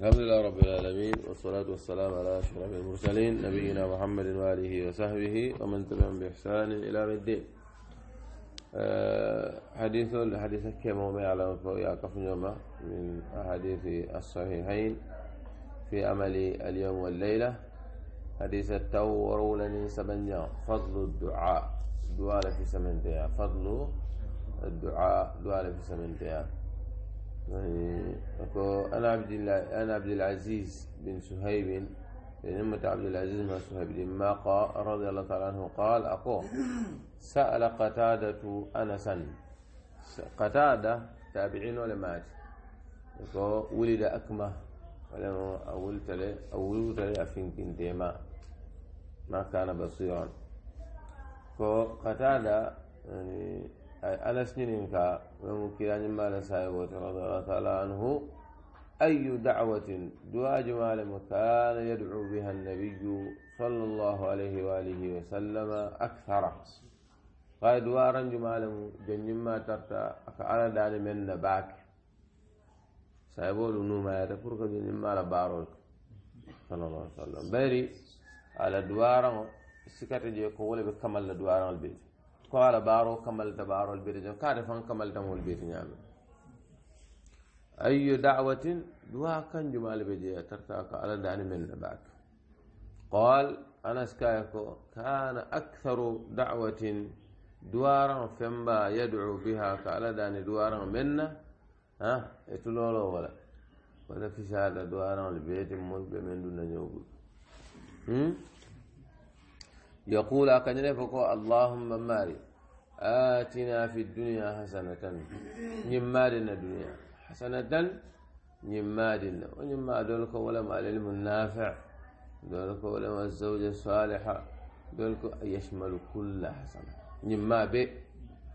الحمد لله رب العالمين والصلاة والسلام على أشرف المرسلين نبينا محمد وآله وصحبه ومن تبعهم بإحسان إلى يوم الدين آه، حديث الحديث كما ما يعلم يعقف يوم من أحاديث الصحيحين في عمل اليوم والليلة حديث التورون لني سبنيا فضل الدعاء دعاء في سمنتها فضل الدعاء دعاء في سمنتها أنا عبد الله أنا عبد العزيز بن سهيب يعني امة عبد العزيز بن سهيب بن ماقا رضي الله تعالى عنه قال أقول سأل قتادة أنسا قتادة تابعين ولا مات ولد أكمه ولم أولت لي أولت لي أفين كنتيما ما كان بصيرا قتادة يعني على سنين كا ممكن أن مال سايبوت رضي الله تعالى عنه أي دعوة دعاء جمال مكان يدعو بها النبي صلى الله عليه وآله وسلم أكثر قال دوارا جمال جن ما ترتا أكعلا دان من نباك سايبول نوما يتفرق ما لبارك صلى الله عليه وسلم بيري على دوارا سكت جيكو ولا بكمل دوارا البيت قال بارو كمل دبارو البرج كارفا كمل دمو البرج أي دعوة دوا كان جمال بجي ترتاك على داني من نباك قال أنا سكايكو كان أكثر دعوة دوارا فيمبا يدعو بها على داني دوارا منا ها يتلولو ولا ولا في شهادة دوارا البيت من دون نجوب 嗯。يقول أكن فكو اللهم ماري آتنا في الدنيا حسنة نمارنا الدنيا حسنة نمادنا ونما دولك ولما العلم النافع دولك ولما الزوجة الصالحة دولك يشمل كل حسنة نما بي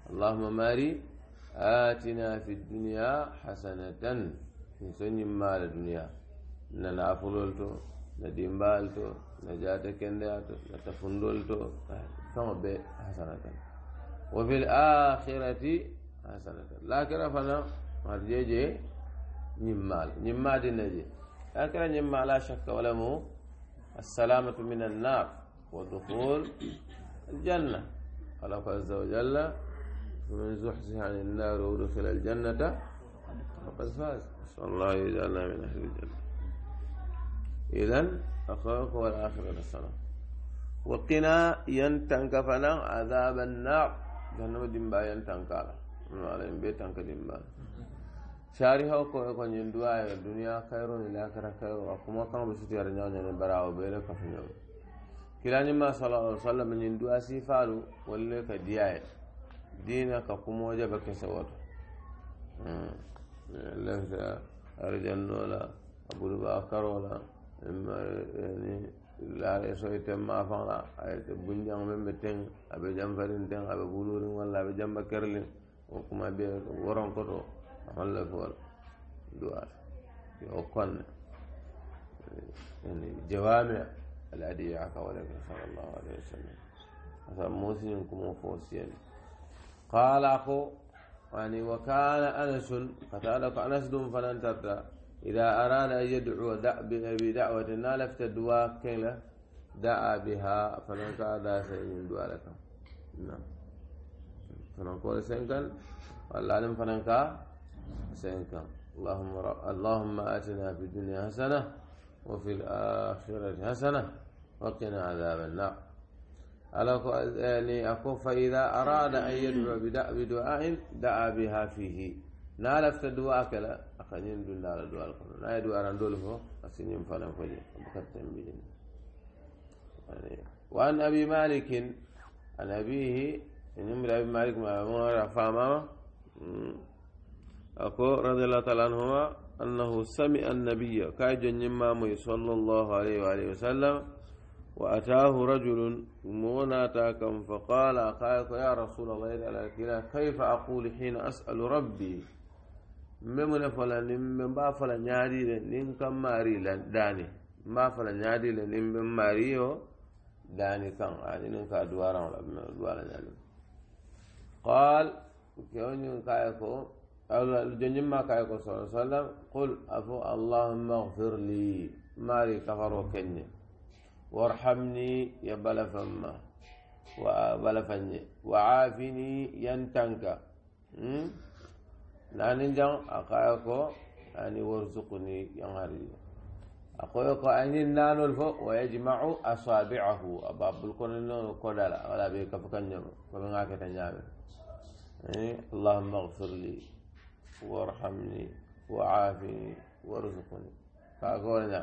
اللهم ماري آتنا في الدنيا حسنة نسن نما الدنيا ننافلولتو ندمبالتو نجات كندياتو نتفندلتو ثم بي حسنتا وفي الآخرة حسنتا لكن فنا مرجي جي نمال نمال نجي لكن نمال لا شك ولا مو السلامة من النار ودخول الجنة خلق عز وجل ومن زحزح عن النار ودخل الجنة فقد فاز نسأل الله يجعلنا من أهل الجنة idan akhawaka wal akhirata sana wa qina yantanka fanan azaban nar jahannama dimba yantankala no ala en be tanka dimba ba haw ko ko nyen duwa ya duniya khairu ni lakara khairu wa kuma kan be sutiyar nyaanya ne barawo be le ka funyo kilani ma sallallahu alaihi wasallam nyen duwa si faru walle ka diyaye dina ka kuma waje ba ke sawato Allah da arjannola abu da ba karola ni laare soy temma fanga ayete bunjang ɓe ɓe teng aɓe jamfarin teng aɓe ɓulurin walla aɓe jamba kerlin o kuma mbiye woronkoto holle fool duwat yo okkonne jewami ala adi yakawaleke sal llahu alayhi wa sallam asan musinin kumo fo siyani qala ko ani wa kana anasun katalako anas ɗum fanantarta إذا أراد أن يدعو بدعوة نالف تدوا كلا دعا بها فنانك هذا سيئن دعا لك نعم فنانك ولا سيئن والعلم فنانك سيئن اللهم رب... اللهم آتنا في الدنيا حسنة وفي الآخرة حسنة وقنا عذاب النار على يعني أقول فإذا أراد أن يدعو بدعاء دعا بها فيه نال استدوا أكلا أخنين دولا دوا الخنو نال دوا رندول فو أسنين فلان فجي بكتن بيدين يعني. وأن أبي مالك عن أبيه إن أمر أبي مالك ما أمر رفع ما أكو رضي الله تعالى عنهما أنه سمع النبي كاي جنما صلى الله عليه وآله وسلم وأتاه رجل مناتا فقال قال يا رسول الله إذا كيف أقول حين أسأل ربي memune fola nin mbe mba fola ñaadile nin kam maari la daani mba fola ñaadile nin mbe maari yo daani kan ani nin ka duwaraŋo la duwala ñaalim qal kewo ñin kaye ko jonjin ma kaye ko sa sallam qul afo allahumma gfir li maari kafaro kenñe warhamni ye bala famma wa bala fanñe wa aafini yantanka hmm? nanin jang akaya ko ani warzuqni yangari akoyo ko anin nanol fo wa yajma'u asabi'ahu ababul konno kodala wala be kafakan nyamo ko be ngake tan nyame اللهم اغفر لي وارحمني وعافني وارزقني فأقولنا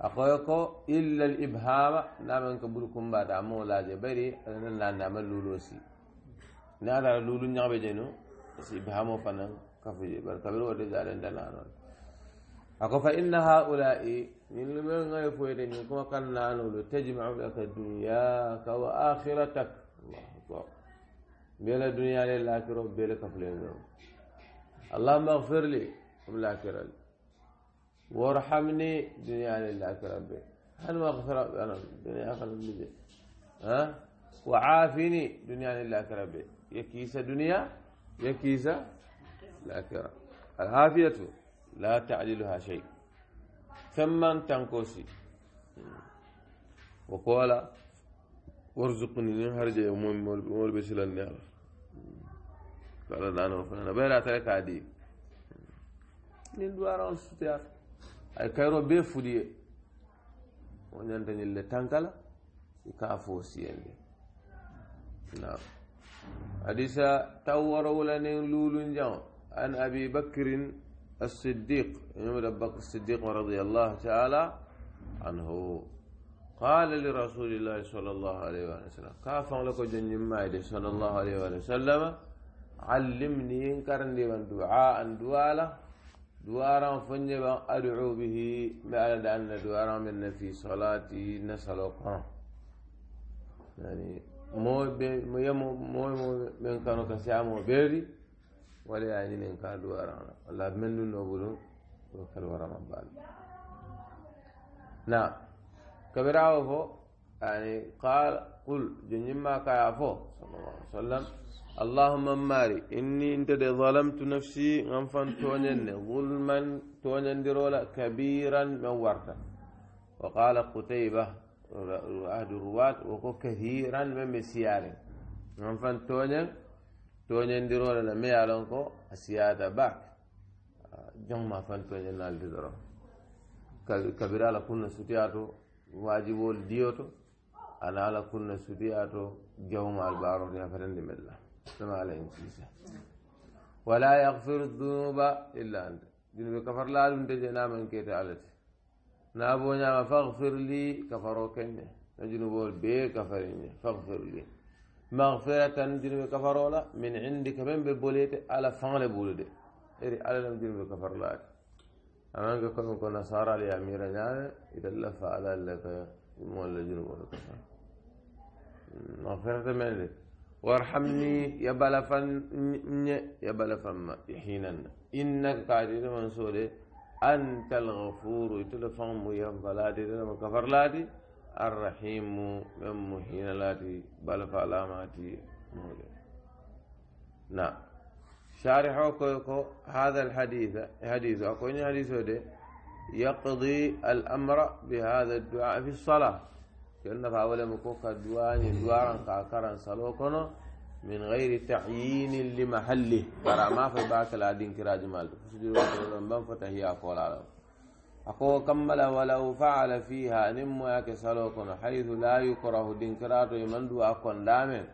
أقولك إلا الإبهام نامن كبركم بعد عمو لا جبري أنا نعمل لولوسي نعمل لولو نعمل جنو استبهامه فنن كفي بركبير ودي زالن دنانو أقول فإن هؤلاء من لمن يفويد منكم كان نانو تجمع لك دنياك وآخرتك الله أكبر بلا دنيا للآخرة بلا كفلين اللهم اغفر لي قبل الآخرة وارحمني دنيا للآخرة بلا هل مغفرة أنا دنيا خلف بجي ها وعافني دنيا لله كربي يكيس دنيا يكيس الأكرم الهافية لا تعدلها شيء ثم تنكوسي وقال وارزقني نهرج يوم مول بسلا النار قال انا وفنا بيرا تلك عدي لندوار استيار الكيرو بيفودي ونندن اللي تنكلا يكافو سيان نعم أليس تورو لنين لولن جاء أن أبي بكر الصديق يوم بكر الصديق رضي الله تعالى عنه قال لرسول الله صلى الله عليه وسلم كافا لك جن مايد صلى الله عليه وسلم علمني انكرن لي دعاء دوالة دوارا فنجبا أدعو به ما أن دوارا من في صلاتي نسلقا يعني موي بي ميمو موي موي بين كانو كسي امو بيري ولا يعني نين كان دو ارانا ولا منو نوبلو دو كل ورا ما بال نعم كبيرا هو يعني قال قل جن ما كافو صلى الله عليه وسلم اللهم ماري اني انت دي ظلمت نفسي غنفن تونين ظلما تونين ديرولا كبيرا من ورطة وقال قتيبه عهد الرواة وكو كثيرا من مسيار من فان تونين تونين درون لما يعلنكو السيادة باك جمع فان تونين الدرون كبيرا لكنا ستياتو واجبول ديوتو أنا لكنا ستياتو جوما البارو يا فرند من الله سمع عليهم سيسا ولا يغفر الذنوب إلا أنت ذنوب كفر لا تنتج نامن كيت علتي نابو نعم فاغفر لي كفروا كنه نجنبول بي كفرين فاغفر لي مغفرة نجنب كفروا لا من عندك من ببوليت على فعل بولد إري على لم جنوب كفر لا أمانك كن كن نصارى لي أميرا نعم إذا الله فعل لك مولى جنوب كفر مغفرة من لك وارحمني يا بلفن يا بلفن حينا إنك قاعد من سوري أنت الغفور يتلفهم ميان فلاتي تلم كفر لاتي الرحيم من مهين لاتي بل فعلاماتي موجود نعم شارحه كويكو هذا الحديث حديث أكوني حديث دي يقضي الأمر بهذا الدعاء في الصلاة كأنه فأولا مكوكا دواني دوارا كاكرا صلوكنا من غير تحيين لمحله برا ما في باك لا دين كراج مال سجدوا فتح يا فول على أكو كمل ولو فعل فيها نم ياك سلوكن حيث لا يكره دين كراج من دو أكون دامن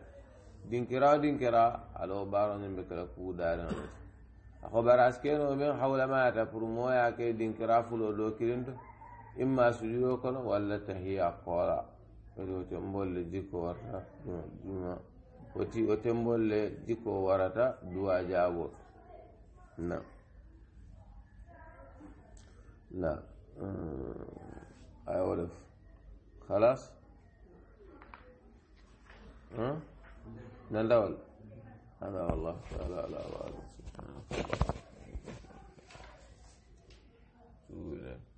دين كرا دين كرا على بارن بكلا كودارن أكو براس كينو من حول ما تفرمو ياك دين كرا فلو دو كرنتو إما سجدوا ولا تحيا فول ولو تنبول لجيكو ورا جمع oti o tembolle jikko warata duwa jaabo na na ay wolef halas nandawal hada wallah taala ala wa alihi wa sahbihi